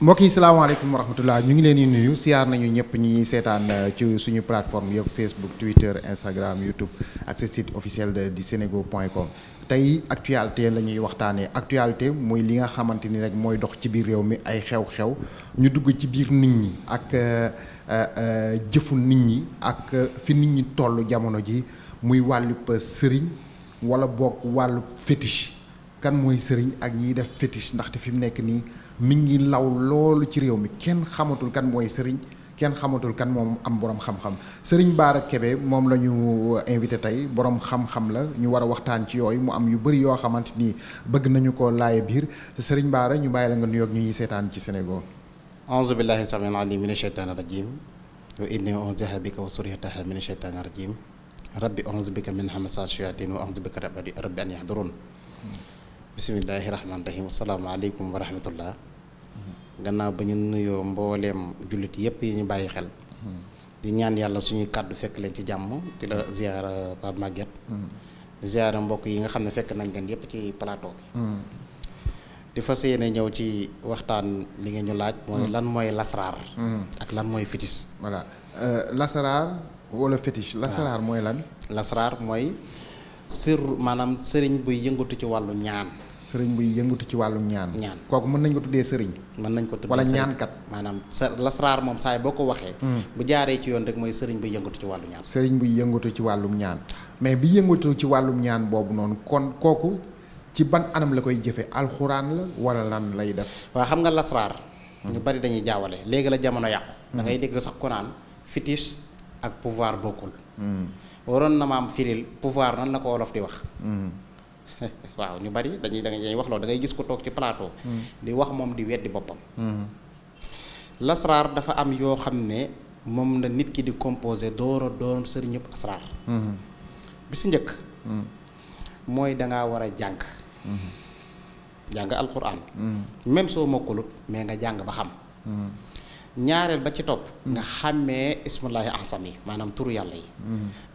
mbokk yi salaamaaleykum wa ñu ngi leen di nuyu siyaar nañu ñëpp ñi seetaan euh, ci suñu plateforme yëpp Facebook Twitter Instagram YouTube ak sa site officiel de di senego point com tey actualité la ñuy waxtaanee actualité mooy li nga xamante ni rek mooy dox ci biir réew mi ay xew-xew ñu dugg ci biir nit ñi ak euh, euh, jëfu nit ñi ak fi nit ñi toll jamono ji muy wàllu wàllub sëriñ wala bokk wàllu fétiche kan mooy sëriñ ak ñiy def fétiche ndaxte fi mu nekk nii. mi ngi law loolu ci réew mi kenn xamatul kan mooy sëriñ kenn xamatul kan moom am borom xam-xam sëriñ Bara Kebe moom la ñu invité tey borom xam-xam la ñu war a waxtaan ci yooyu mu am yu bëri yoo xamante ni bëgg nañu ko laaye biir sëriñ Bara ñu bàyyi la nga nuyoog ñuy seetaan ci Sénégal. aouzu billahi samiil aliim mina shaytaani rajim wa inni unziha bika wa suriyataha mina shaytaani rajim rabbi unzu bika min hamasati shayatin wa unzu bika rabbi an yahdurun bismillahi rahmaani rahim asalaamaaleykum wa rahmatullah gannaaw ba ñu nuyoo mbooleem jullit yëpp yi ñu bàyyi xel. Hmm. di ñaan yàlla suñuy kàddu fekk leen ci jàmm di la ziara Pape Maguette. Hmm. di mbokk yi nga xam ne fekk nañ leen yëpp ci plateau bi. Hmm. di fas yéene ñëw ci waxtaan li nga ñu laaj. mooy lan mooy lasaraar. ak lan mooy fétiche. voilà euh, lasaraar wala fétiche. mooy lan. lasaraar mooy sir maanaam sëriñ buy yëngatu ci wàllu ñaan. sëriñ buy yëngatu ci wàllum ñaan. ñaan kooku mën nañ ko tuddee sëriñ. mën nañ ko tuddee wala ñaankat. maanaam sa lasraar moom saay boo ko waxee. Hmm. bu jaaree ci yoon rek mooy sëriñ buy yëngatu ci wàllu ñaan. sëriñ buy yëngatu ci wàllum ñaan mais bi yëngatu ci wàllum ñaan boobu noonu kon kooku ci ban anam la koy jëfee alxuraan la wala lan lay def. waaw xam nga lasraar. ñu bari dañuy jaawale léegi la jamono yàqu. Hmm. da ngay dégg sax ko naan ak pouvoir bokkul. Hmm. waroon na ma am pouvoir nan la ko wolof di wax. waaw ñu bari dañuy dañuy wax loolu da ngay gis ko toog ci plateau. Hmm. di wax moom di weddi boppam. Hmm. lasraar dafa am yoo xam ne moom na nit ki di composé door a doon sëriñ ñëpp asraar. Hmm. bi si njëkk. mooy da war a jàng. jàng alquran. même soo mokkulut mais nga jàng ba xam. ñaareel ba ci topp. nga xàmmee ismullahi ahsam yi maanaam turu yàlla yi.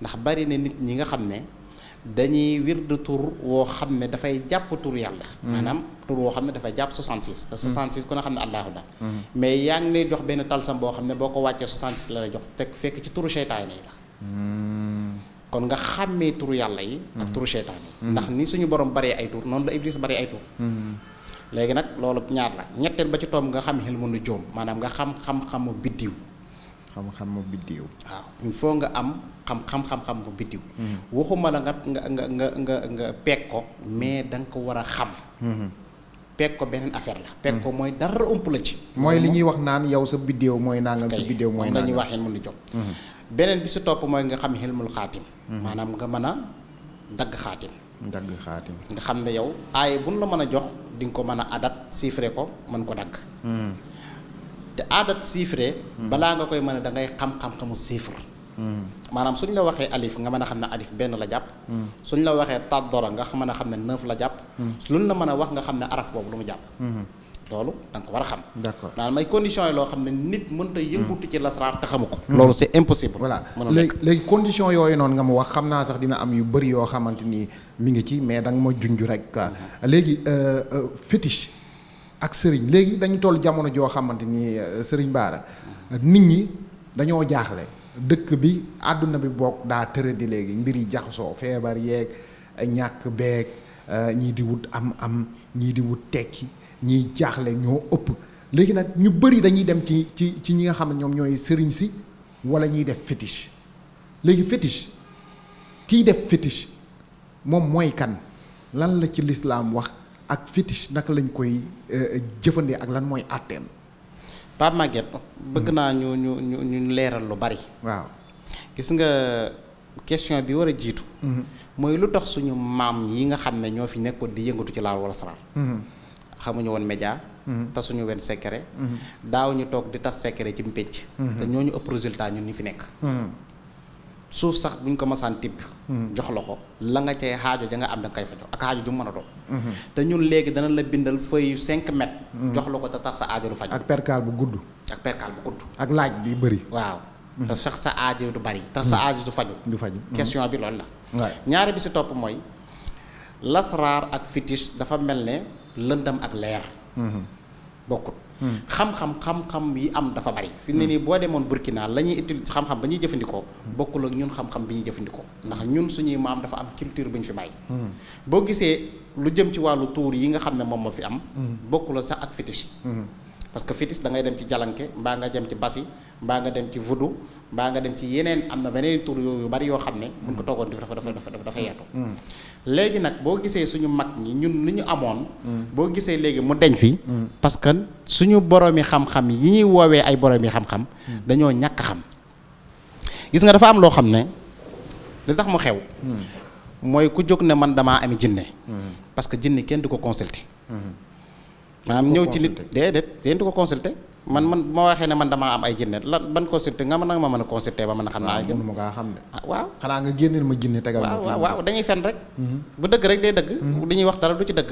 ndax bari na nit ñi nga xam ne. dañuy wird tour woo xam ne dafay jàpp tur yàlla. Mm-hmm. maanaam tour woo xam ne dafay jàpp 66. te 66 mm-hmm. ku ne xam ne allahu la. Mm-hmm. mais yaa ngi lay jox benn talsam boo xam ne boo ko wàccee 66 la lay jox te fekk ci turu seytaane yi la. kon nga xàmmee turu yàlla yi. ak turu seytaane yi. ndax ni suñu borom baree ay tour noonu la iblis baree ay tur. léegi nag loolu ñaar la ñetteel ba ci toom nga xam xel mënu joom maanaam nga xam xam-xamu biddiw. xam-xamu biddiw waaw il nga am xam xam-xam-xam bu biddiw mm-hmm. waxuma la ngat nga nga nga nga nga peeg ko mais da nga ko war a xam mm-hmm. peeg ko beneen affaire la peeg ko mm-hmm. mooy dara ëmp la ci mooy li ñuy wax naan yow sa biddiw mooy nangam sa biddiw mooy nangam la ñuy waxee mun di beneen bi si topp mooy nga xam xilmul xaatim maanaam nga mën a dagg xaatim dagg xaatim nga xam ne yow aaye buñ la mën a jox di nga ko mën a adat sifre ko mën ko dagg te aadat chiffre balaa nga koy mën a da ngay xam-xam-xamu chiffre maanaam suñ la waxee alif nga mën a xam ne alif benn la jàpp suñ la waxee tàddora nga mën a xam ne neuf la jàpp luñ la mën a wax nga xam ne araf boobu lu mu jàpp loolu da ko war a xam d'accord maanaam ay conditions loo xam ne nit mënut a yëngutu ci lasraar te xamu ko hmm. loolu c'est impossible voilà léegi léegi conditions yooyu noonu nga ma wax xam naa sax dina am yu bëri yoo xamante nii mi ngi ci mais danga nga ma junj rek hmm. léegi euh, euh, fétiche ak sëriñ léegi dañu toll jamono joo xamante ni euh, sëriñ Baara nit ñi dañoo jaaxle dëkk bi àdduna bi boog daa tëra di léegi mbir yi jaxasoo feebar yeeg ñàkk beek euh, ñii di wut am am ñii di wut tekki ñiy jaaxle ñoo ëpp léegi nag ñu bëri dañuy dem ci ci ci ñi nga xam ne ñoom ñooy sëriñ si wala ñuy def fétiche léegi fétiche kiy def fétiche moom mooy kan lan la ci lislaam wax ak fétiche naka lañ koy euh, euh, jëfandee ak lan mooy àtteem Pape Maguette bëgg hmm. naa ñu ñu ñu ñu leeral lu bari waaw gis nga question bi war a jiitu hmm. mooy lu tax suñu maam yi nga xam ne ñoo fi nekkoon di yëngatu ci laal wala salaam hmm. xamuñu woon média tasuñu woon secret daaw ñu toog di tas secret ci mpénc te ñoo ñu ëpp résultat ñun ñu fi nekk suuf sax bu buñ ko masaan tibb hmm. jox la ko la nga cay xaajo ja nga am da nga koy fa jox ak xaajo ju mën a doon hmm. te ñun léegi dana la bindal feuille yu cinq mètres hmm. jox la ko te tax sa aajo du faj ak perkaal bu gudd ak perkaal bu gudd ak laaj bi bëri waaw te sax sa aajo du bari tax sa aajo du fajo du faju question bi loolu la ñaari bi si topp mooy lasraar ak fétiche dafa mel ne lëndam ak leer bokkut xam-xam xam-xam yi am dafa bari fi ne nii boo demoon Burkina la ñuy utiliser xam-xam ba ñuy jëfandikoo bokkul ñun xam-xam bi ñuy jëfandikoo ndax ñun suñuy maam dafa am culture bu ñu fi may mm-hmm. boo gisee lu jëm ci wàllu tuur yi nga xam ne moom moo fi am mm-hmm. bokkuloo sax ak fétiche mm-hmm. parce que fétiche da ngay dem ci jalanke mbaa nga dem ci basi mbaa nga dem ci voodoo mbaa nga dem ci yeneen am na beneen tur yooyu bari yoo xam ne mun ko mm. toogoon def dafa dafa dafa dafa yeetu mm. léegi nag boo gisee suñu mag ñi ñun lu ñu amoon mm. boo gisee léegi mu deñ fi parce que suñu boroomi xam-xam yi ñuy woowee ay boroomi xam-xam dañoo ñàkk xam gis nga dafa am loo xam ne li tax mu xew mooy ku jóg ne man damaa ami jinne parce que jinne kenn du ko consulter maanaam ñëw ci nit déedéet kenn du ko consulter man man ma waxee ne man damaa am ay jinne lan ban consulté nga mën nag ma mën a consulté ba mën a xam naa mënuma xam ne ah, waaw xanaa nga génneel ma jinne tegal ma waaw waaw dañuy rek mhm. bu dëgg rek day dëgg li mhm. ñuy wax dara du ci dëgg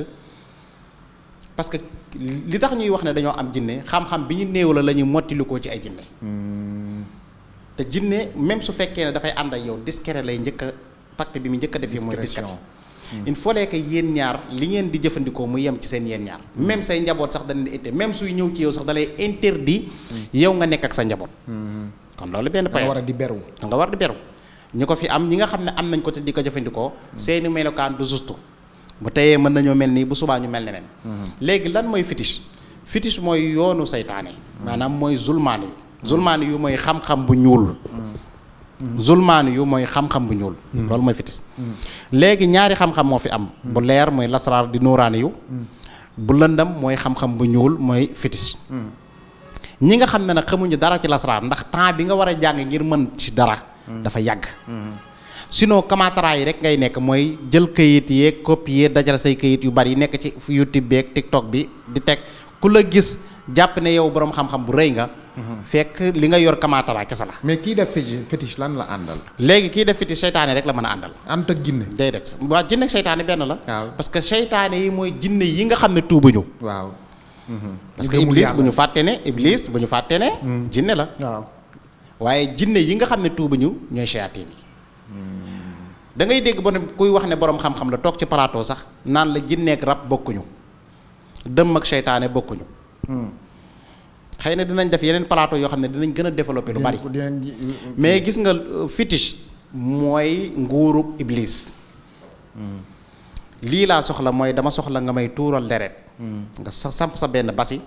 parce que li tax ñuy wax ne dañoo am jinne xam-xam bi ñu néew la la ñu mottilikoo ci ay jinne mhm. te jinne même su fekkee ne dafay ànd ak yow discret lay njëkk a bi mu njëkk def defee mooy discret Mm. il fallait que yéen ñaar li ngeen di jëfandikoo mu yem ci seen yéen ñaar mm. même say njaboot sax dañ di yow da lay interdit mm. yow nga nekk ak sa njaboot mm-hmm. kon loolu benn pay da nga a di beru da nga war di beru ñi ko fi am ñi nga xam ne am nañ ko te di ko jëfandikoo seeni melokaan du juste bu teyee mën nañoo mel nii bu subaa ñu mel neneen mm-hmm. léegi lan mooy fétiche fétiche mooy yoonu saytaane maanaam mooy zulmaani yu zulmaani yu mooy xam-xam bu ñuul zulmaani yu mooy xam-xam bu ñuul mm. loolu mooy fitis mm. léegi ñaari xam-xam moo fi am mm. bu leer mooy lasraar di nuuraani yu bu lëndam mooy xam-xam bu ñuul mooy fitis ñi nga xam ne nag xamuñu dara ci lasraar ndax temps bi nga war a jàng ngir mën ci dara dafa yàgg sinon yi rek ngay nekk mooy jël kayit yeeg copier dajal say kayit yu bari nekk ci YouTube beeg TikTok bi di teg ku la gis jàpp ne yow boroom xam-xam bu rëy nga fekk li nga yor kamaatara kese la. mais kii def fétiche lan la àndal. léegi kii def fétiche seytaane rek la mën a àndal. ànd ak jinne. déedéet waa jinne seytaane benn la. waaw parce que seytaane yi mooy jinne yi nga xam ne tuubuñu. waaw. Mhm. parce que iblis bu ñu fàtte ne iblis bu ñu fàtte ne. Mhm. la. waaye jinne yi nga xam ne tuubuñu ñooy seytaane yi. Mhm. da ngay dégg ba ne kuy wax ne borom xam-xam la toog ci plateau sax naan la jinneek rab bokkuñu dëmm seytaane bokkuñu. xëy na dinañ def yeneen palaato yoo xam ne dinañ gën a développer lu bari mais gis nga euh, fétiche mooy nguuru iblis hmm. lii laa soxla mooy dama soxla nga may tuural deret hmm. nga samp sa benn basi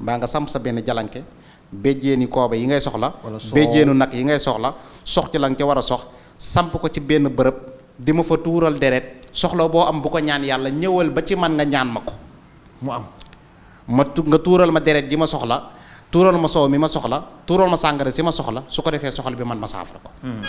mbaa nga samp sa benn jalanke béjjeeni kooba yi ngay soxla béjjeenu nag yi ngay soxla sox ci la ca war a sox samp ko ci benn bërëb di ma fa tuural deret soxla boo am bu ko ñaan yàlla ñëwal ba ci man nga ñaan ma ko mu am ma nga tuural ma deret ji ma soxla tuural ma soow mi ma soxla tuural ma sàngara si ma soxla su ko defee soxla bi man ma saafara ko hmm.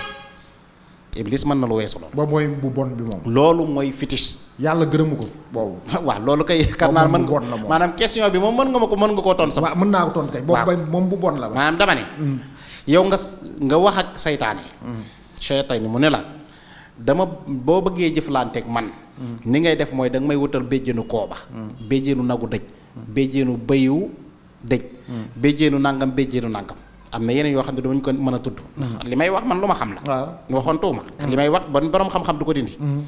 iblis mën na lu weesu loolu. ba mooy bu bon bi moom. loolu mooy fétiche. yàlla gërëmu ko boobu. waaw loolu kay. xam naa mën nga maanaam question bi moom mën nga ma ko mën nga koo tontu. waaw mën naa ko tontu moom bu bon la. maanaam dama ne. Hmm. yow nga nga wax ak saytaane. Hmm. saytaane mu ne la dama boo bëggee jëflanteeg man. ni ngay def mooy danga may wutal béjjéenu kooba. béjjéenu nagu dëj. béjjéenu béyu dëj béjjeenu nangam béjjeenu nangam am na yeneen yoo xam ne damañu ko mën a tudd ndax li may wax man lu ma xam la waaw waxoon tuuma mm. li may wax ban borom xam-xam du ko mm.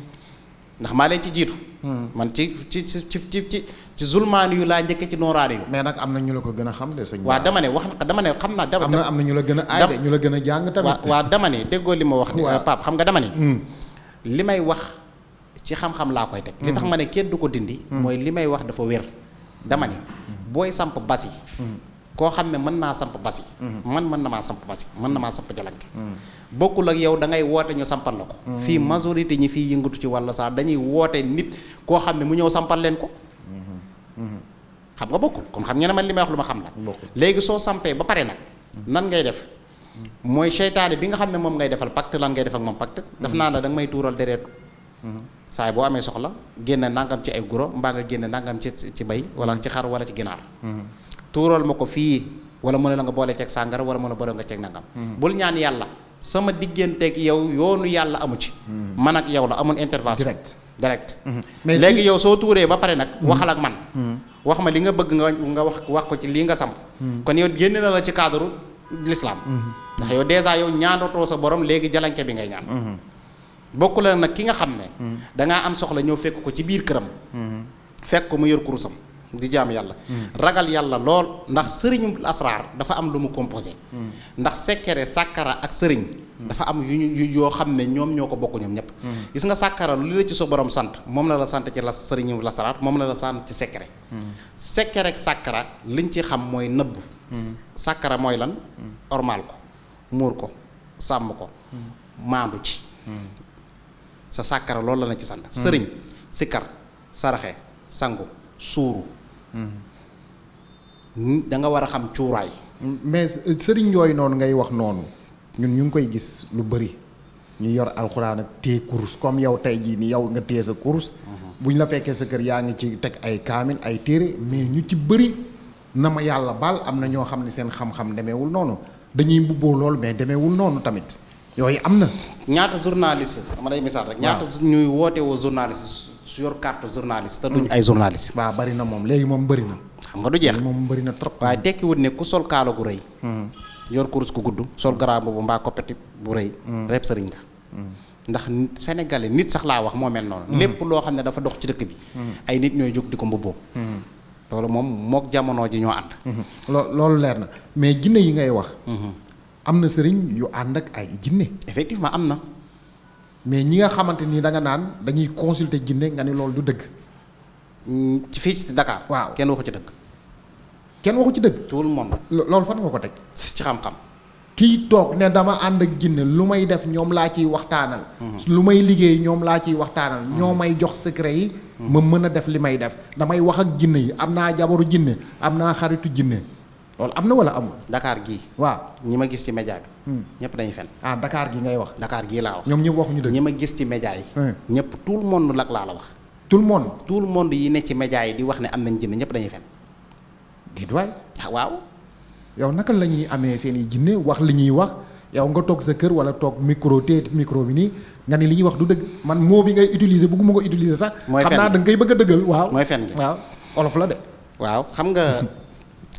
ndax maa leen ci jiitu mm. man ci ci ci ci ci ci zulmaani laa njëkke ci nooraane mais nag am na ñu la ko gën xam de sëñ waaw dama ne wax dama ne xam naa dama am na ñu la gën a aay de la gën a jàng tamit waaw dama ne li ma wax ni euh, Pape xam nga dama ne li may wax ci xam-xam laa koy teg li tax ma ne kenn du ko dindi mooy li may wax dafa wér dama ni mm-hmm. booy samp basi mm-hmm. koo xam ne mën naa samp basi mm-hmm. man mën na maa samp basi mën na maa samp jalanke bokkul ak yow da ngay woote ñu sampal la ko fii majorité ñi fii yëngatu ci walla saa dañuy woote nit koo xam ne mu ñëw sampal leen ko xam nga bokkul kon xam ngeen ne man li may wax lu ma xam la léegi soo sampee ba pare nag nan ngay def mooy seytaane bi nga xam ne moom ngay defal pacte lan ngay def ak moom pacte daf naa la danga may tuural dereetu saay boo amee soxla génne nangam ci ay guro mbaa nga génne nangam ci ci bay wala ci xar wala ci ginaar mm-hmm. tuural ma ko fii wala mu ne la nga boole ceeg sàngara wala mu ne boole nga ceeg nangam mm-hmm. bul ñaan yàlla sama digganteeg yow yoonu yàlla amu ci mm-hmm. man ak yaw la amul intervention direct direct mais léegi yow soo tuuree ba pare nag waxal ak man wax ma li nga bëgg nga nga wax wax ko ci lii nga sam kon yow génne na la ci cadre l'islam ndax yow dèjà yow ñaanatoo sa bi ngay bokk la nag ki nga xam ne hmm. dangaa am soxla ñëw fekk ko ci biir këram hmm. fekk ko mu yor kurusam di jaam yàlla hmm. ragal yàlla lool ndax sëriñu asraar dafa am lu mu composé ndax sekkere sàkkara ak sëriñ dafa am yu yoo xam ne ñoom ñoo ko bokk ñoom ñépp gis nga sàkkara lu la ci sa borom sant moom na la sant ci la sëriñu asraar moom na la sant ci sekkere sekkere ak sàkkara liñ ci xam mooy nëbb sàkkara mooy lan ormaal ko muur ko sàmm ko maandu ci sa sàkkara loolu la na ci sant sëriñ sikkar saraxe sangu suuru danga war a xam cuuraay mais sëriñ yooyu noonu ngay wax noonu ñun ñu ngi koy gis lu bëri ñu yor alxuraan ak téye kurus comme yow tey jii ni yow nga téye sa kurus mhm. bu ñu la fekkee sa kër yaa ngi ci teg ay kaamil ay téere mais ñu ci bëri na ma yàlla baal am na ñoo xam ne seen xam-xam demeewul noonu dañuy mbubboo loolu mais demeewul noonu tamit yooyu am na. ñaata journaliste ma day misaal rek. ñaata ñuy woote woo journaliste su yor carte journaliste. te duñ mm. ay journaliste. waaw bari na moom léegi moom bari na. xam nga du jeex moom bari na trop. waaye tekkiwut ne ku sol kaala gu rëy. Mm. yor kurus ku gudd. sol garab bu mbaa koppati bu rëy. Mm. rep sëriñ nga. ndax sénégalais nit sax laa wax moo mel noonu. lépp loo xam ne dafa dox ci dëkk bi. ay nit ñooy jóg di ko mbubboo. loolu moom mook jamono ji ñoo ànd. Mm-hmm. loo na mais jinne yi ngay wax. Mm-hmm. am na sëriñ yu ànd ak ay jinne effectivement am na mais ñi nga xamante ni da nga naan dañuy consulter jinne nga ni loolu du dëgg mm, ci fii si Dakar waaw kenn waxu ci dëgg kenn waxu ci dëgg tout le monde loolu fan nga ko teg ci xam-xam kiy toog ne dama ànd ak jinne lu may def ñoom laa ciy waxtaanal mm-hmm. lu may liggéey ñoom laa ciy waxtaanal mm-hmm. ñoo may jox secret yi mm-hmm. ma mën a def li may def damay wax ak jinne yi am naa jabaru jinne am naa xaritu jinne loolu am na wala amul. Dakar gii. waaw ñi ma gis ci média bi. Hmm. ñëpp dañuy fen ah Dakar gi ngay wax. dakaar gii laa wax. ñoom ñëpp waxuñu dëgg ñi ma gis ci média yi. Hmm. ñëpp tout le monde lak laa la wax. tout le monde. tout le monde yi ne ci média yi di wax ne am nañ jinne ñëpp dañuy fen di waay. Ah, waaw. yow naka la ñuy amee seen i jinne wax li ñuy wax yow nga toog sa kër wala toog micro te micro bi nii nga ni li ñuy wax du dëgg man moo bi ngay utiliser bëgguma ko utiliser sax. mooy fen xam naa da nga koy a mooy fen gi la waaw xam nga.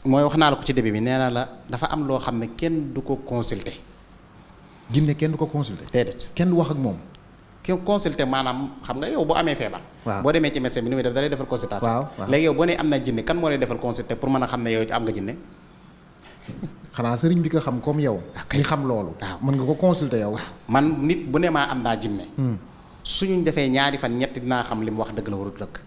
mooy wax naa la ko ci début bi nee naa la dafa am loo xam ne kenn du ko consulter. jinne kenn du ko consulter. déedéet kenn wax ak moom. kenn consulter maanaam xam nga yow boo amee feebar. waaw boo demee ci médecin bi ni muy def da lay defal consultation. waaw waaw léegi yow boo nee am kan moo lay defal consulter pour mën ne yow am nga jinne xanaa sëriñ bi ko xam comme yow. kay xam loolu. waaw mën nga ko consulter yow. man nit bu ne maa am naa jinne hmm. suñu defee ñaari fan ñetti dinaa xam li mu wax dëgg la warul dëkk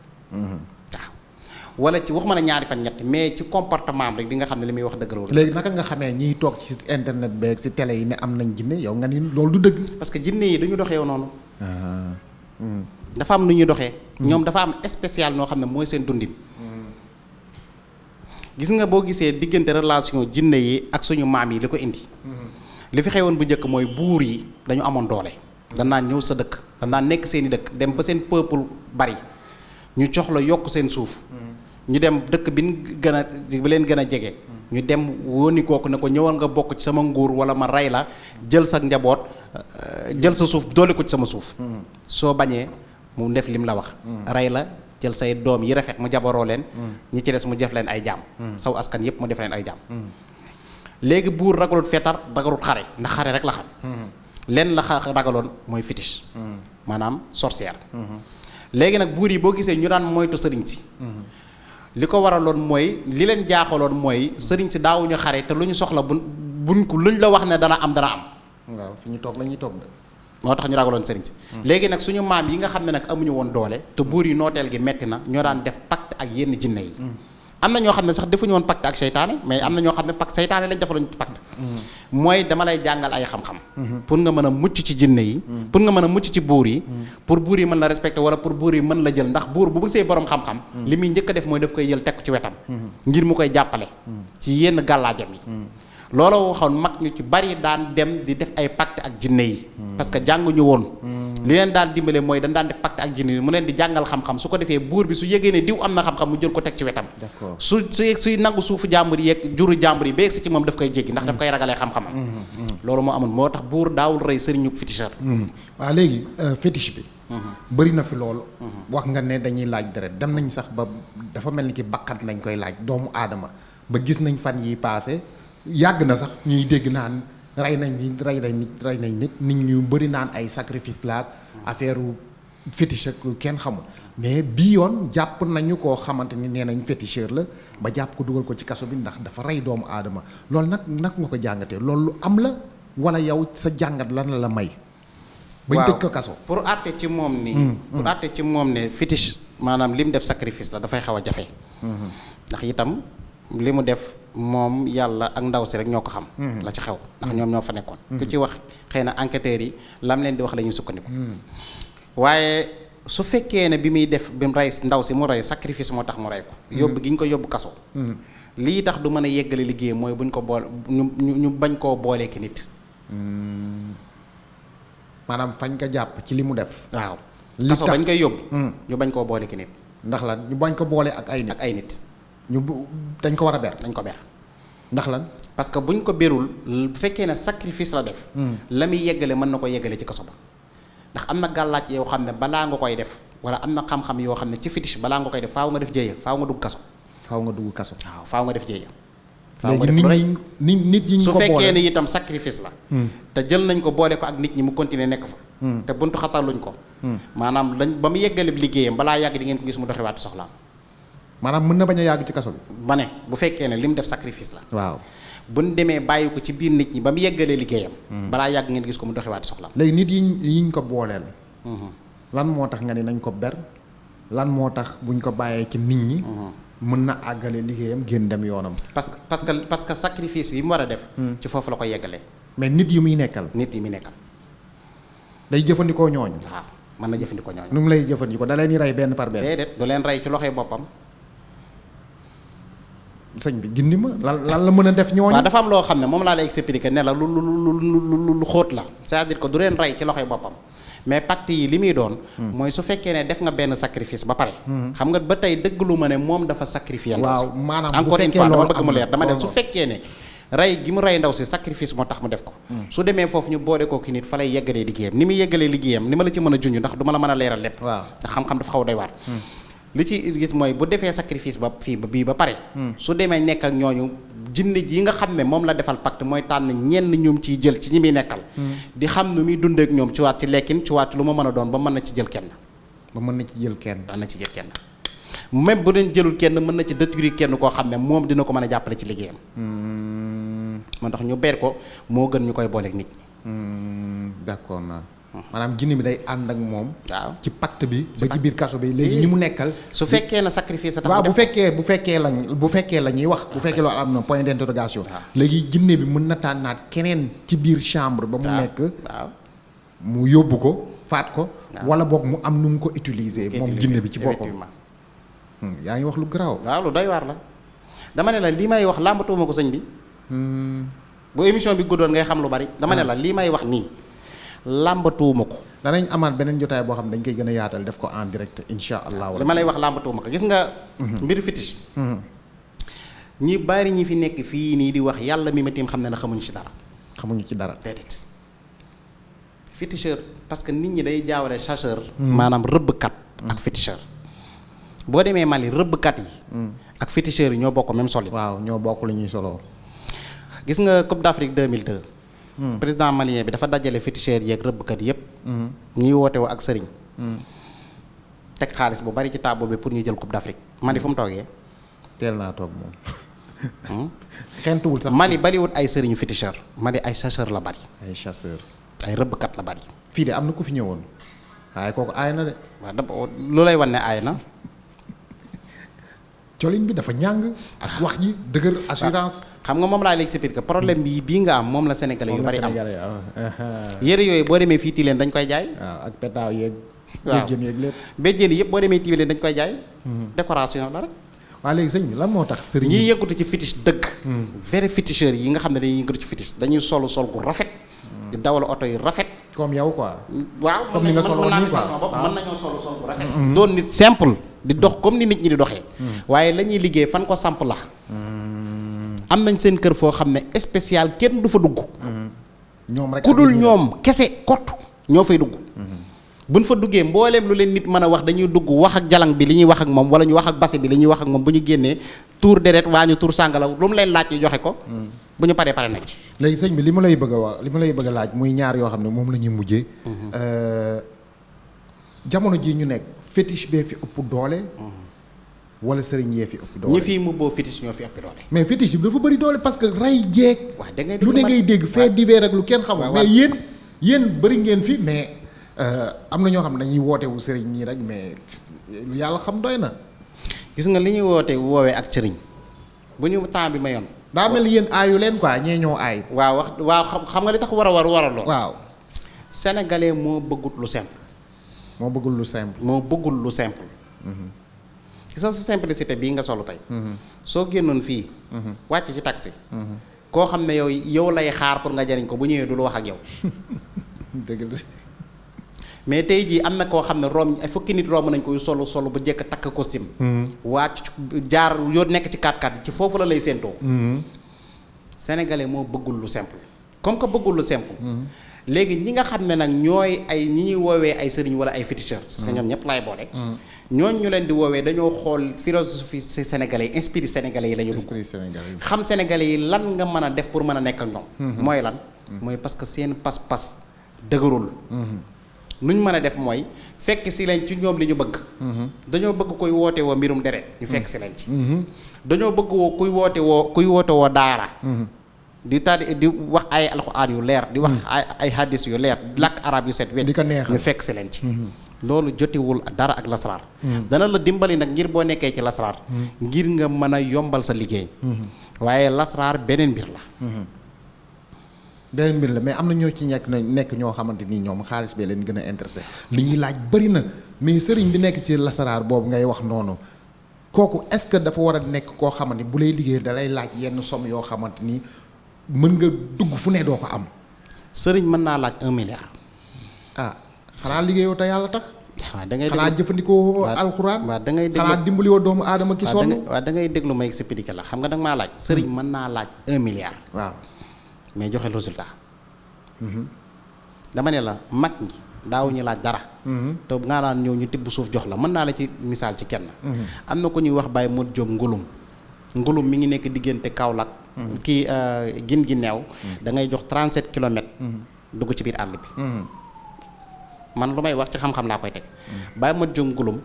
wala ci waxuma la ñaari fan ñetti mais ci comportement rek di nga xam ne li muy wax dëgg la wala léegi naka nga xamee ñiy toog ci internet beeg si télé yi ne am nañ jinne yow nga ni loolu du dëgg parce que jinne yi duñu doxee noonu ah, hmm. dafa am nu ñuy doxee hmm. ñoom dafa am spécial noo xam ne mooy seen gis nga boo gisee diggante relation jinne yi ak suñu maam yi li ko indi hmm. li fi xewoon bu njëkk mooy buur yi dañu amoon doole danaa ñëw sa dëkk danaa nekk seen i dëkk dem ba seen peuple bari ñu jox la yokk seen suuf ñu dem dëkk bi gën a bi leen gën a jege. Hmm. ñu dem wóoni kooku ne ko ñëwal nga bokk ci sama nguur wala ma rey la jël sa njaboot euh, jël sa suuf doole ko ci sama suuf. Hmm. soo bañee mu def lim la wax. Hmm. rey la jël say doom yi rafet mu jabaroo leen. ñi ci des mu def leen ay jaam. saw askan yépp mu def leen ay jaam. léegi buur ragalut fetal ragalut xare ndax xare rek la xam. lenn la xa ragaloon mooy fétiche. maanaam sorcière. léegi nag buur yi boo gisee ñu daan moytu sëriñ si. li ko waraloon mooy li leen jaaxaloon mooy sëriñ si daawuñu xare te lu ñu soxla bu buñ ko luñ la wax ne dana am dana am. waaw fi ñu toog la ñuy toog moo tax ñu ragaloon sëriñ si. Hmm. léegi nag suñu maam yi nga xam ne nag amuñu woon doole. te buur yi nooteel gi metti na ñoo daan def pacte ak yenn jinne yi. Hmm. am na ñoo xam ne sax defu woon pacte ak seytaane mais am na ñoo xam ne pacte seytaane lañ defaloon pacte mooy dama lay jàngal ay xam-xam pour nga mën a mucc ci jinne yi pour nga mën a mucc ci buur yi pour buur yi mën la respecté wala pour buur yi mën la jël ndax buur bu see borom xam-xam li muy njëkk a def mooy daf koy jël teg ci wetam ngir mu koy jàppale ci yenn gàllaajam yi loola waxoon mag ñu ci bari daan dem di def ay pacte ak jinne yi parce que jànguñu woon li leen daan dimbale mooy dañ daan def pacte ak jinne yi mu leen di jàngal xam-xam su ko defee buur bi su yégee ne diw am na xam-xam mu jël ko teg ci wetam su su suy nangu suufu jàmbur yi yeeg juru jàmbur yi ba yegg si ci moom daf koy jéggi ndax daf koy ragalee xam-xam mm-hmm. Mm-hmm. loolu moo amoon moo tax buur daawul rey sëriñu féticheur mm-hmm. waaw léegi euh, fétiche bi bëri na fi loolu wax nga ne dañuy laaj deret dem nañ sax ba dafa mel ni ki bakkat nañ koy laaj doomu aadama ba gis nañ fan yi paase yàgg na sax ñuy dégg naan rey nañ nit rey nañ nit rey nañ nit nit ñu bëri naan ay sacrifice laa ak affaire fétiche ak kenn xamul mais bii yoon jàpp nañu koo xamante ni nee nañ féticheur la ba jàpp ko dugal ko ci kaso bi ndax dafa rey doomu aadama loolu nag nag nga ko jàngatee loolu lu am la wala yow sa jàngat lan la may. bañ tëj ko kaso pour àtte ci moom ni mm, pour mm. àtte ci moom ne fétiche maanaam li mu def sacrifice la dafay xaw a jafe. Mm-hmm. ndax itam li mu def. moom yàlla ak ndaw si rek ñoo ko xam mhm. la ci xew mhm. ndax ñoom ñoo fa nekkoon ku ci mhm. wax xëy na enquêteurs yi lam leen di wax lañuy sukkandiku waaye su fekkee ne bi muy def bi mu rey ndaw si mu rey sacrifice moo tax mu rey ko yóbbu gi ñu ko yóbbu kaso lii tax du mën a yeggale liggéey mooy buñ ko boole ñu ñu bañ koo boolee ki nit maanaam fañ ko jàpp ci li mu def waaw kaso bañ koy yóbbu ñu bañ koo boole ki nit ndax la ñu bañ ko boole ak ay nit ak ay nit ñu dañ ko war a ber dañ ko ber ndax lan parce bu ñu ko berul bu fekkee ne sacrifice la def. Hmm. la muy yeggale mën na ko yeggale ci kaso ba ndax am na gàllaaj yoo xam ne balaa nga koy def wala am na xam-xam yoo xam ne ci fétiche balaa nga koy def faaw nga def jéeya faaw nga dugg kaso. faaw nga dugg kaso waaw faaw nga def jéeya. faaw nga def rëy nit nit ñi su fekkee ne itam sacrifice la. Hmm. te jël nañ ko boole ko ak nit ñi mu continuer nekk fa. Hmm. te buntu xataluñ ko. maanaam lañ ba mu yeggale liggéeyam balaa yàgg di ngeen ko mu doxewaat soxlaam. maanaam mën na bañ a yàgg ci kaso bi. ba ne bu fekkee ne li mu def sacrifice la. waaw bu ñu demee bàyyi ko ci biir nit ñi ba mu yeggalee liggéeyam. Hmm. balaa yàgg ngeen gis ko mu doxiwaat soxla. léegi nit yi yi ñu ko booleel. Hmm. lan moo tax nga ne nañ ko ber lan moo tax buñ ko bàyyee ci nit ñi. Hmm. mën na àggale liggéeyam génn dem yoonam. parce que parce que parce que sacrifice bi mu war a def. la ko yeggalee. mais nit yu muy nekkal. nit yi muy nekkal. day jëfandikoo ñooñu. waaw mën na jëfandikoo ñooñu. nu mu lay jëfandikoo da leen di rey benn par benn. déedéet du leen rey ci loxoy boppam. sëñ bi gindi ma lan lan la mën a def ñooñu. waaw dafa am loo xam ne moom laa lay expliquer ne la lu lu lu lu xóot la saa à dire que du leen rey ci loxoy boppam. mais pacte yi li muy doon. Hmm. mooy su fekkee ne def nga benn sacrifice ba pare. Hmm. xam nga ba tey dëgg lu ma ne moom dafa sacrifier. waaw maanaam encore une fois dama bëgg mu leer dama def su fekkee ne. rey gi mu rey ndaw si sacrifice moo tax mu def ko. Hmm. su demee foofu ñu boole ko ki nit fa lay yeggalee liggéeyam ni muy yeggalee liggéeyam ni ma la mën a junj ndax la mën a leeral lépp. waaw te xam-xam xaw doy waar. li ci gis mooy bu defee sacrifice ba fii ba bii ba pare. Hmm. su demee nekk ak ñooñu jinne yi nga xam ne moom la defal pacte mooy tànn ñenn ñoom ciy jël ci ñi muy nekkal. Hmm. di xam nu muy dundee ak ñoom ci ci lekkin ci lu ma mën a doon ba mën na ci jël kenn. ba mën na ci jël kenn. daan na ci jël kenn même bu doon jëlul kenn mën na ci détruire kenn koo xam ne moom dina ko mën a jàppale ci liggéeyam. Hmm. moo tax ñu beer ko moo gën ñu koy booleek nit maanaam jinne bi day ànd ak moom. waaw ci pacte bi. ba ci biir kaso bi léegi ñi mu nekkal. su fekkee na sacrifice tax waaw bu fekkee bu fekkee la bu fekkee la ñuy wax. bu fekkee loolu am na point d'interrogation. léegi jinne bi mën na tànnaat keneen ci biir chambre. ba mu nekk mu yóbbu ko faat ko. wala boog mu am nu mu ko utiliser. moom jinne bi ci boppam. Hmm, yaa ngi wax lu garaaw. waaw lu doy waar la dama ne la lii may wax làmbatuma ko sëñ bi. Hmm. bu émission bi guddoon ngay xam lu bari. dama ne la lii may wax nii. làmbatuwuma ko. danañ amaan beneen jotaay boo xam ne dañ koy gën a yaatal def ko en direct incha allah. li ma lay wax làmbatuwuma ko gis nga. mbiru fétiche. Mhm. ñi bari ñi fi nekk fii nii di wax yàlla mi ma tiim xam ne na xamuñu ci dara. xamuñu ci dara déedéet. féticheur parce que nit ñi day jaawale chasseur. Mhm. maanaam rëbbkat ak féticheur. boo demee Mali rëbbkat yi. Mhm. ak féticheurs yi ñoo bokk même solo. waaw ñoo bokk lu ñuy solo. gis nga Coupe d'Afrique de président malien bi dafa dajale féticheurs yeeg rëbbkat yëpp. Mm-hmm. ñuy woote woo ak sëriñ. Mm-hmm. teg xaalis bu bari ci taaboo bi pour ñu jël coupe d'Afrique Mali fu mu toogee. teel naa toog moom. Hmm? xentuwul sax Mali bariwut ay sëriñu féticheur Mali ay chasseur la bari. ay chasseur ay rëbbkat la bari. fii de am na ku fi ñëwoon waaye kooku aay na de. waaw da loolay wan ne aay na. colin bi dafa ñàng wax ji dëgër ah. assurance. Ah. xam nga moom laa lay expliquer que problème bi bii nga am moom la sénégalais yu bari am ah. uh-huh. yére yooyu boo demee fii Tilène dañ koy jaay. waaw ak pétaaw yeeg. waaw béjjén yëpp boo demee Tilène dañ koy jaay. Hmm. décoration la waa léegi sëñ bi lan moo tax sëriñ ñiy yëngatu ci fétiche dëkk hmm. vrai féticheurs yi nga xam ne dañuy yëngatu ci fétiche dañuy solu sol gu rafet. Hmm. di dawal oto yu rafet. comme yow quoi. waaw comme ni nga solo ah. mën naa ne sama solo bu rafet. Mm-hmm. doon nit simple. di dox comme ni nit ñi di doxe mm-hmm. waaye la ñuy liggéey fan ko samp la. Mm-hmm. am nañ seen kër foo xam ne spécial kenn du fa dugg. ñoom rek ku dul ñoom kese kott ñoo fay dugg. bu buñ fa duggee mbooleem lu leen nit mën a wax dañuy dugg wax ak jalang bi li ñuy wax ak moom wala ñu wax ak base bi li ñuy wax ak moom bu ñu génnee tuur deret waa ñu tuur sàngalaw lu mu leen laaj ñu joxe ko. bu ñu paree pare nañ ci. léegi sëñ bi li ma lay bëgg a wax li ma lay bëgg laaj muy ñaar yoo xam ne moom la ñuy mujjee. Mhm. Euh, jamono jii ñu nekk fétiche bee fi ëpp doole. wala sëriñ yee fi ëpp doole ñi fi mubboo fétiche ñoo fi ëpp doole. mais fétiche bi dafa bëri doole parce que rey jeeg. wax da ngay lu ne ngay dégg fait divers rek lu kenn xamul. mais yéen yéen bëri ngeen fi mais euh, am na ñoo xam ne dañuy wootewu wu sëriñ ñii rek mais lu yàlla xam doy na. gis nga li ñuy woote woowe ak sëriñ bu ñu bi mayoon daa mel yéen aayu leen quoi ñee ñoo aay. waaw wax waaw xam nga li tax war a war war a waraloo. waaw sénégalais moo bëggut lu simple. moo bëggul lu simple. moo bëggul lu simple. Mhm. ci sa simplicité bii nga solu tey. Mhm. soo génnoon fii. Mhm. wàcc ci taxi. koo xam ne yow yow lay xaar pour nga jariñ ko bu ñëwee du lu wax ak yow. mais tey jii am na koo xam ne romb ay fukki nit romb nañ koy solo solo bu jekk takk costume mm-hmm. wàcc jaar yoo nekk ci 4x4 ci foofu la lay séentoo mm-hmm. sénégalais moo bëggul lu simple comme que bëggul lu simple mm-hmm. léegi ñi nga xam ne nag ñooy ay ñi ñuy woowee ay sëriñ wala ay féticheur parce que ñoom ñëpp laay boole ñooñ ñu leen di woowee dañoo xool philosophie sénégalais yi inspiré sénégalais yi la ñu dugg xam sénégalais yi lan nga mën a def pour mën a nekk ak ñoom mooy lan mooy parce que seen pas-pas dëgërul nu ñu mën a def mooy fekk si leen ci ñoom li ñu bëgg. Mm-hmm. dañoo bëgg koy woote woo mbirum deret ñu fekk si leen ci. Mm-hmm. dañoo bëgg woo kuy woote woo kuy woote woo daara. Mm-hmm. di taal di wax ay alxuraan yu leer di wax ay ay hadis yu leer di làkk arab yu set wet. di ko neexal ñu fekk si leen ci. loolu jotewul dara ak lasraar. dana la dimbali nag ngir boo nekkee ci lasraar. ngir nga mën a yombal sa liggéey. waaye lasraar beneen mbir la. beneen mbir la mais am na ñoo ci nekk na nekk ñoo xamante nii ñoom xaalis bee leen gën a intéressé li ñuy laaj bëri na mais sëriñ bi nekk ci lasaraar boobu ngay wax noonu kooku est-ce que dafa war a nekk koo xamante ni bu lay liggéey dalay laaj yenn somme yoo xamante ni mën nga dugg fu ne doo ko am. sëriñ mën naa laaj un milliard. ah xanaa liggéeyoo te yàlla tax. waaw da ngay jëfandikoo alxuraan. waaw da ngay déglu xanaa dimbaliwoo doomu aadama ki sonn. waaw da ngay déglu may expliqué la xam nga da laaj. sëriñ hmm. mën naa laaj un milliard. waaw mais joxe résultat. dama ne la mag ñi daawuñu laaj dara. Mm-hmm. te nga naan ñëw ñu tibb suuf jox la mën naa la ci misaal ci kenn. Mm-hmm. am na ko ñuy wax Baye Modou Diop ngulum ngulum mi ngi nekk diggante Kaolack. Mm-hmm. kii euh, gin gi neew. dangay jox 37 kilomètres. dugg ci biir àll bi. man lu may wax ci xam-xam laa koy teg. Baye Modou ngulum.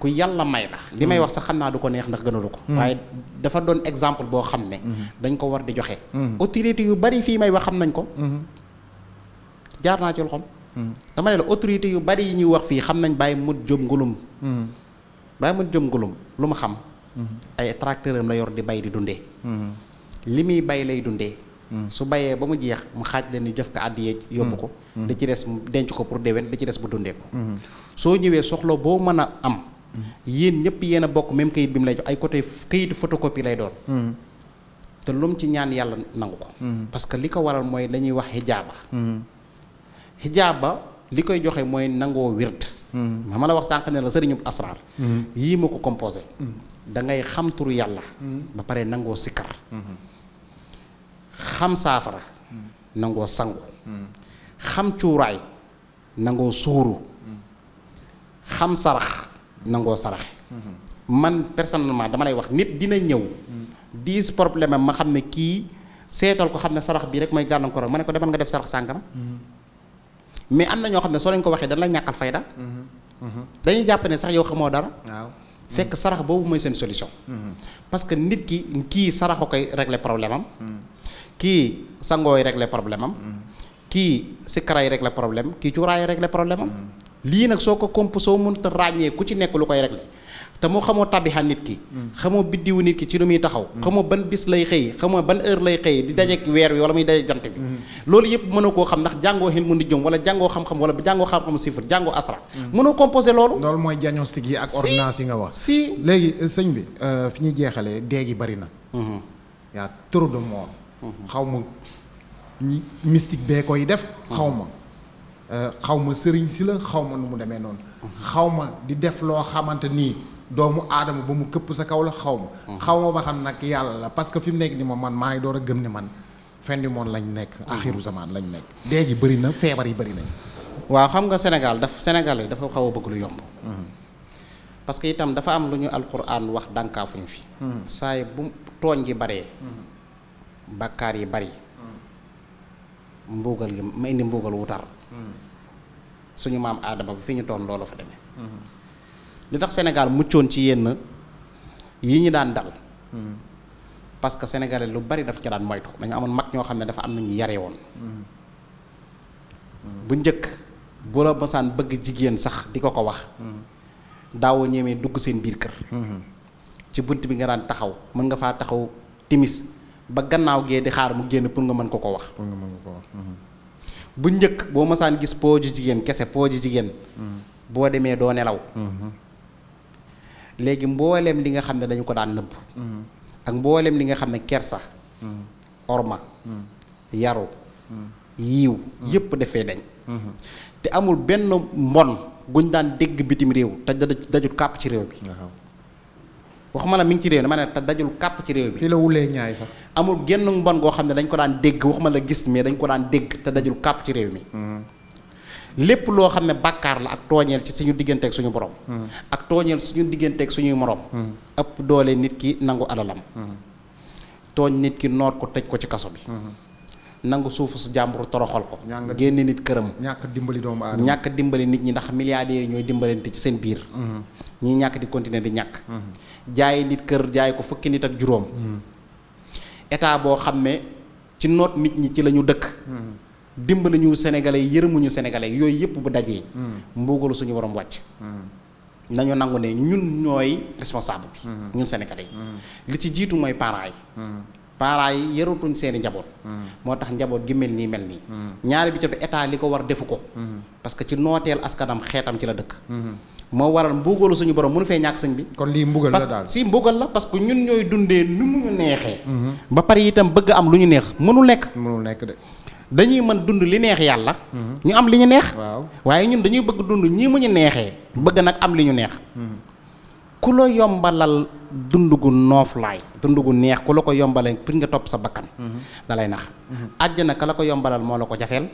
ku yàlla may la li may mm. wax sax xam naa du ko neex ndax gënalu ko mm. waaye dafa doon exemple boo xam ne mm-hmm. dañ ko war di joxe mm-hmm. autorité yu bari fii may wax xam nañ ko mm-hmm. jaar naa ci loxoom dama ne la autorité yu bari yi ñuy wax fii xam nañ bàyyi mut jom ngulum bàyyi mut jom ngulum lu ma xam ay tracteur am la yor di bay di dundee li muy bay lay dundee su bayee ba mu jeex mu xaaj leen ñu jof ko àddiyee yóbbu ko da ci des denc ko pour déwén da ci des bu dundee yéen ñëpp yéen a bokk même kayit bi mu lay jox ay côté kayitu photocopie lay doon. Mm. te lum ci ñaan yàlla nangu ko. Mm. parce que li ko waral mooy la ñuy wax xijaaba. xijaaba mm. li koy joxe mooy nangoo wird. ma la wax sànq ne la sëriñub asraar. yii ma ko composé. da ngay xam turu yàlla. ba pare nangoo sikkar. Mm-hmm. xam saafara. nangoo sangu. xam cuuraay. nangoo suuru. xam sarax. nangoo saraxe man personnellement dama lay wax nit dina ñëw diis problème ma xam ne kii seetal ko xam ne sarax bii rek mooy gàllankoor ma ne ko demal nga def sarax sàngam mais am na ñoo xam ne soo lañ ko waxee dañ la ñàkkal fayda dañuy jàpp ne sax yow xamoo dara fekk sarax boobu mooy seen solution parce que nit ki kii saraxu koy régler problème am kii sangooy régler problème am kii sikaraay régler problème kii cuuraay régler problème lii nag soo ko comp soo mënta ràññee ku ci nekk lu koy régler te moo xamoo tabixa nit ki mm. xamoo biddiwu nit ki ci lu muy taxaw mm. xamoo ban bis lay xëyee xamoo ban heure lay xëyee di dajeek weer wi wala muy daje jant bi mm-hmm. loolu yëpp mënoo koo xam ndax jàngoo xel mu nit jom wala jàngoo xam-xam wala jàngoo xam-xam chiffre jàngoo asra mm. mënoo composé loolu loolu mooy diagnostic yi ak ordonnance yi nga wax si léegi euh, sëñ bi euh, fi ñuy jeexalee déegi bari na mm-hmm. yaa t de mort mm-hmm. xaw ma mystique bee koy def xaw ma Euh, xaw ma sëriñ si la xaw ma nu mu demee noonu. xaw ma di def loo xamante nii doomu aadama ba mu këpp sa kaw la xaw ma. Mm-hmm. xaw ma ba xam nag yàlla la parce que fi mu nekk ni moom man maa ngi door a gëm ne man fen di moon lañ nekk. Mm-hmm. axiru zaman lañ nekk. léegi bëri na feebar yi bëri nañ. waaw xam nga senegal daf senegal yi dafa xaw a bëgg lu yomb. Mm-hmm. parce que itam dafa am lu ñu alquran wax dànkaafuñu fi. saay bu tooñ ji baree. bakkaar yi bari. mbuugal gi ma indi mbuugal wutar. suñu maam aadama ba fi ñu doon loolu fa demee li tax Sénégal muccoon ci yenn yi ñu daan dal parce que sénégalais lu bari daf ca daan moytu dañu amoon mag ñoo xam ne dafa am nañu yare woon bu njëkk bu la mosaan bëgg jigéen sax di ko ko wax daawoo ñemee dugg seen biir kër ci bunt bi nga daan taxaw mën nga faa taxaw timis ba gannaaw gee di xaar mu génn pour nga mën ko ko wax bu njëkk boo mosaan gis poo ju jigéen kese poo ju jigéen boo demee doo nelaw léegi mbooleem li nga xam ne dañu ko daan nëbb ak mbooleem li nga xam ne kersa orma yaru yiiw yépp dafay dañ te amul benn mbon guñ daan dégg bitim réew te dajut kàpp ci réew bi wax ma la mi ngi ci réew mi dama ne te dajul kàpp ci réew bi fii ñaay sax amul génn mbon goo xam ne dañ ko daan dégg ma la gis mais dañ ko daan dégg te dajul kàpp ci réew mi mm-hmm. lépp loo xam ne bàkkaar la ak tooñeel ci suñu digganteeg suñu borom mm-hmm. ak tooñeel suñu digganteeg suñuy morom mm-hmm. ëpp doole nit ki nangu alalam tooñ nit ki noot ko tëj ko ci kaso bi nangu suufu su jàmbur toroxal ko. génne nit këram. ñàkk dimbali doomu aadama ñàkk dimbali nit ñi ndax milliardaires ñooy dimbalante ci seen biir. Mm-hmm. ñii ñàkk di continuer di ñàkk. Mm-hmm. jaay nit kër jaay ko fukki nit ak juróom. Mm-hmm. boo xam ne ci noot nit ñi ci lañu dëkk. dimbali ñu sénégalais yërëmuñu sénégalais yooyu yëpp bu dajee. mbugalu suñu borom wàcc. nañu nangu ne ñun ñooy responsable bi. ñun sénégalais yi. li ci jiitu mooy parents parents yi yarutuñ seen njaboot. Mm. moo tax njaboot gi mel nii mel nii. Mm. ñaari bi ci état li ko war defu ko. Mm. parce que ci nooteel askanam xeetam ci la dëkk. moo waral mbugalu suñu borom mënu fee ñàkk sëñ bi. kon lii mbugal la daal si mbugal la parce que ñun ñooy dundee nu mu neexee. Mm-hmm. ba pare itam bëgg am lu ñu neex mënul lekk mënul nekk de. dañuy mën dund li neex yàlla. Mm-hmm. ñu am li ñu neex. waaye ñun dañuy bëgg dund ñii mu ñu neexee. bëgg nag am li ñu neex. Mm-hmm. ku la yombalal dund gu nooflaay dund gu neex ku la ko yombalee pour nga topp sa bakkan dalay lay nax àjjana ka la ko yombalal moo la ko jafeel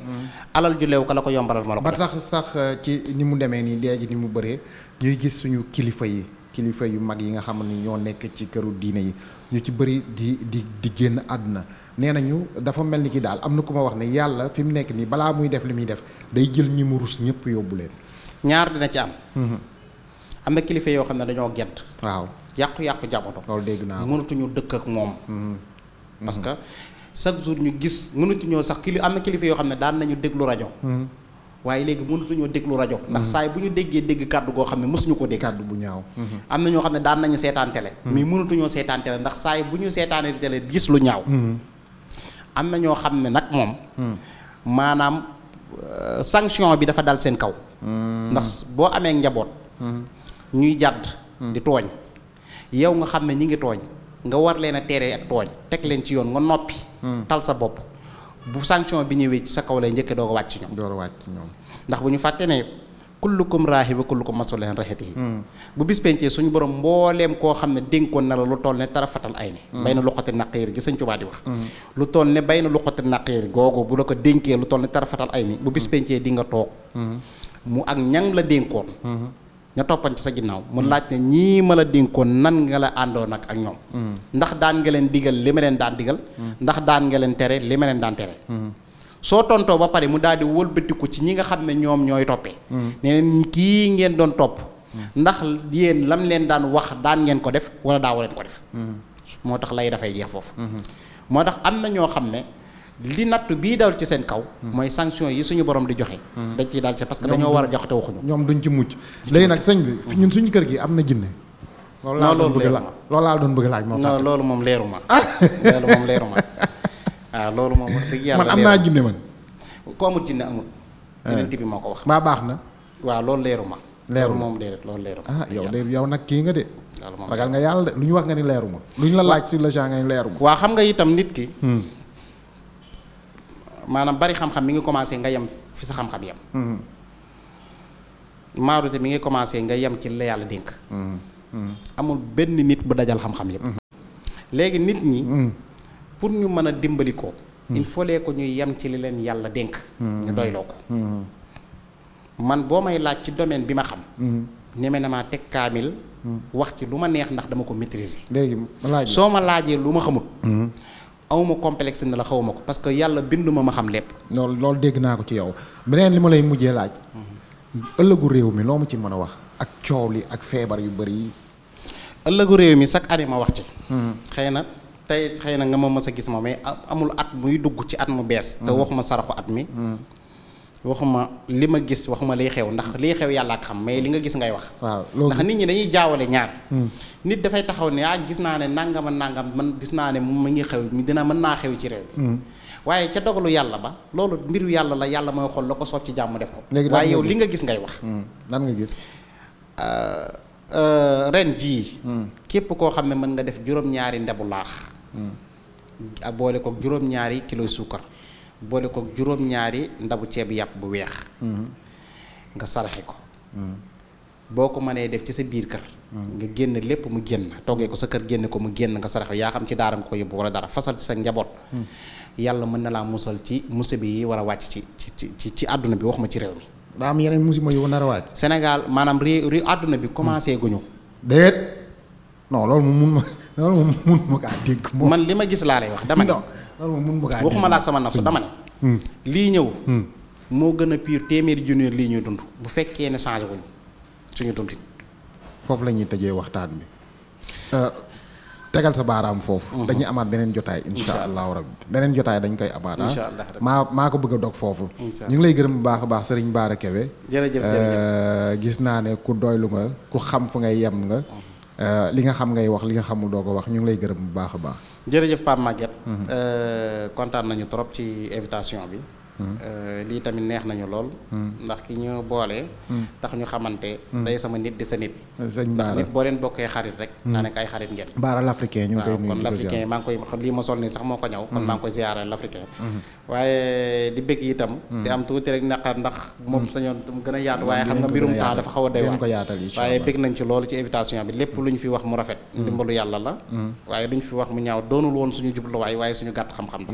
alal ju leew ka la ko yombalal moo la ko ba sax sax euh, ci ni mu demee nii dee ji ni mu bëree ñuy gis suñu kilifa yi kilifa yu mag yi nga xam ni ñoo nekk ci këru diine yi ñu ci bëri di di di génn àdduna nee nañu dafa mel ni kii daal am na ku ma wax ne yàlla fi mu nekk nii balaa muy def li muy def day jël ñi mu rus ñëpp yóbbu ñaar dina ci am na kilifa yoo xam ne dañoo gedd waaw yàqu-yàqu jamono. loolu dégg naa mënatuñu dëkk moom. Mm-hmm. Mm-hmm. parce que chaque jour ñu gis mënatuñoo sax kili am na kilifa yoo xam ne daan nañu déglu rajo. Mm-hmm. waaye léegi mënatuñoo déglu rajo. ndax saay bu ñu déggee dégg kàddu goo xam ne mësuñu ko dégg. kàddu bu ñaaw. am na ñoo xam ne daan nañu seetaan télé. mais mënatuñoo seetaan télé ndax saay bu ñu seetaanee télé gis lu ñaaw. am na ñoo xam ne nag moom. maanaam euh, sanction bi dafa dal seen kaw. ndax boo amee njaboot. ñuy jàdd di tooñ yow nga xam ne ñi ngi tooñ nga war leen a teere ak tooñ teg leen ci yoon nga noppi hmm. tal sa bopp bu sanction bi ñëwee ci sa kaw lay njëkke doo a wàcc ñoom wàcc ñoom ndax bu ñu fàttee ne kullukum raahi wa kullukum mas'uulun an ra'iyyatihi hmm. bu bis pencee suñu borom mbooleem koo xam ne dénkoon na la lu toll ne tarafatal ay ni hmm. bay na luqati naqiir gi sëñ Tuubaa di wax lu toll ne bay na luqati naqiir googu bu la ko dénkee lu toll ne tarafatal ay ni bu bis pencee di nga toog mu ak ñang la dénkoon ña toppan ci sa ginnaaw mu laaj ne ñii ma la dénkoon nan nga la àndoon ak ak ñoom mm. ndax daan nga leen digal li ma leen daan digal mm. ndax daan nga leen tere li ma leen daan tere mm. soo tontoo ba pare mu daal di wëlbatiku ci ñi nga xam ne ñoom ñooy toppee ne leen kii ngeen doon topp ndax yéen lam leen daan wax daan ngeen ko def wala daawu leen ko def moo tax lay dafay jeex foofu mm-hmm. moo tax am na ñoo xam ne li nattu bii dal ci seen kaw. mooy sanction yi suñu borom di joxe. Hmm. dañ ciy daal ci parce que dañoo war a jox te waxuñu. ñoom duñ ci mucc léegi nag sëñ bi ñun suñu kër gi am na jinne. loolu laa doon bëgg laaj loolu laa doon bëgg laaj moo tax loolu moom leeru ma loolu moom leeru ma ah, loolu moom yàlla am naa jinne man. ko amut jinne amut. Eh. yeneen bi ko wax. mbaa baax na. waaw loolu leeru ma. leeru moom déedéet loolu leeru ma. Ah, yow de yow nag kii nga de. ragal nga yàlla de lu ñu wax nga ni leeru ma. lu ñu la laaj sur le champ nga ni leeru ma. waaw xam nga itam nit ki. Hmm. maanaam bari xam-xam mi ngi commencé nga yem fi sa xam-xam yem mm-hmm. maarute mi ngi commencé nga yem ci la yàlla dénk mm-hmm. Mm-hmm. amul benn nit bu dajal xam-xam yëpp léegi nit ñi pour ñu mën a dimbali ko il faut ko ñuy yem ci li leen yàlla dénk ñu doyloo ko man boo may laaj ci domaine bi ma xam ñeme na maa teg kaamil wax ci lu ma neex ndax dama ko maîtriser léegi soo ma laajee lu ma xamul awma complexe ne la xawuma ko parce que yàlla binduma ma ma xam lépp. loolu loolu dégg naa ko ci yow beneen li ma lay mujjee laaj. Mhm. ëllëgu réew mi loo ma ci mën a wax ak coow li ak feebar yu bëri yi. ëllëgu réew mi chaque année ma wax ci. Mhm. xëy na tey xëy na nga ma mës a gis ma mais amul at muy dugg ci at mu bees. Mhm. te waxuma saraxu at mi. waxuma li ma gis waxuma liy xew ndax liy xew yàlla ak xam mais li nga gis ngay wax. waaw ndax nit ñi dañuy jaawale ñaar. Hmm. nit dafay taxaw ne ah gis naa ne nangam ak nangam man gis naa ne mu ngi xew mi dina mën naa xew ci réew bi hmm. waaye ca dogalu yàlla ba loolu mbiru yàlla la yàlla mooy xool la ko soob ci jàmm def ko. waaye yow li nga gis ngay wax. nan hmm. nga gis. Euh, euh, ren jii. képp koo xam ne mën nga def juróom-ñaari ndebu laax. boole ko juróom-ñaari kilo suukar. boole ko juróom-ñaari ndabu ceeb yàpp bu weex mhm. nga saraxe ko mhm. boo ko manee def ci sa biir kër mhm. nga génn lépp mu génn toggee ko sa kër génne ko mu génn nga saraxe yaa xam ci daara nga ko yóbbu wala dara fasal ci sa njaboot yàlla mën na laa musal ci musiba yi war a wàcc ci ci ci ci àdduna bi ma ci réew mi daa am yeneen musiba yu nar a wàcc Sénégal maanaam réew réew àdduna bi commencé guñu déet non loolu moom mun kaa dégg. man li ma gis laa lay wax dama ne. ma kaa dégg waxuma la ak sama nafsu dama ne. Hmm. lii ñëw. Hmm. moo gën a pire téeméeri junni lii ñuy dund bu fekkee ne change wuñu suñu dundin. foofu la ñuy tëjee waxtaan bi euh, tegal sa baaraam foofu. Hmm. dañuy amaat beneen jotaay. incha allahu rabbi beneen jotaay dañ koy amaat. Ah. incha allah maa maa ko bëgg a dog foofu. ñu ngi lay gërëm bu baax a baax Serigne Bara Kebe. jërëjëf euh, gis naa ne ku doylu nga ku xam fu ngay yem nga. Euh, li nga xam ngay wax li nga xamul doo ko wax ñu ngi lay gërëm bu baax a baax. jërëjëf Pape Maguette. Mm-hmm. Euh, kontaan nañu trop ci invitation bi. Euh, lii tamit neex nañu lool. Hmm. ndax ki ñu boole. Hmm. tax ñu xamante. Hmm. day sama nit di sa nit. ndax nit boo leen bokkee xarit rek. daanaka ay xarit ngeen. baara l'africain ñu ngi koy nuyu kon lii ma sol nii sax moo ko ñaw. kon maa ngi koy ziyaara l'africain. waaye di bëgg itam. di am tuuti rek naqar ndax moom sañoon gën a yaatu. waaye xam nga mbirum temps dafa xaw a doy waar. waaye bëgg nañ ci loolu ci invitation bi lépp lu ñu fi wax mu rafet. ndimbalu yàlla la. waaye lu ñu fi wax mu ñaaw doonul woon suñu jubluwaay waaye suñu gàtt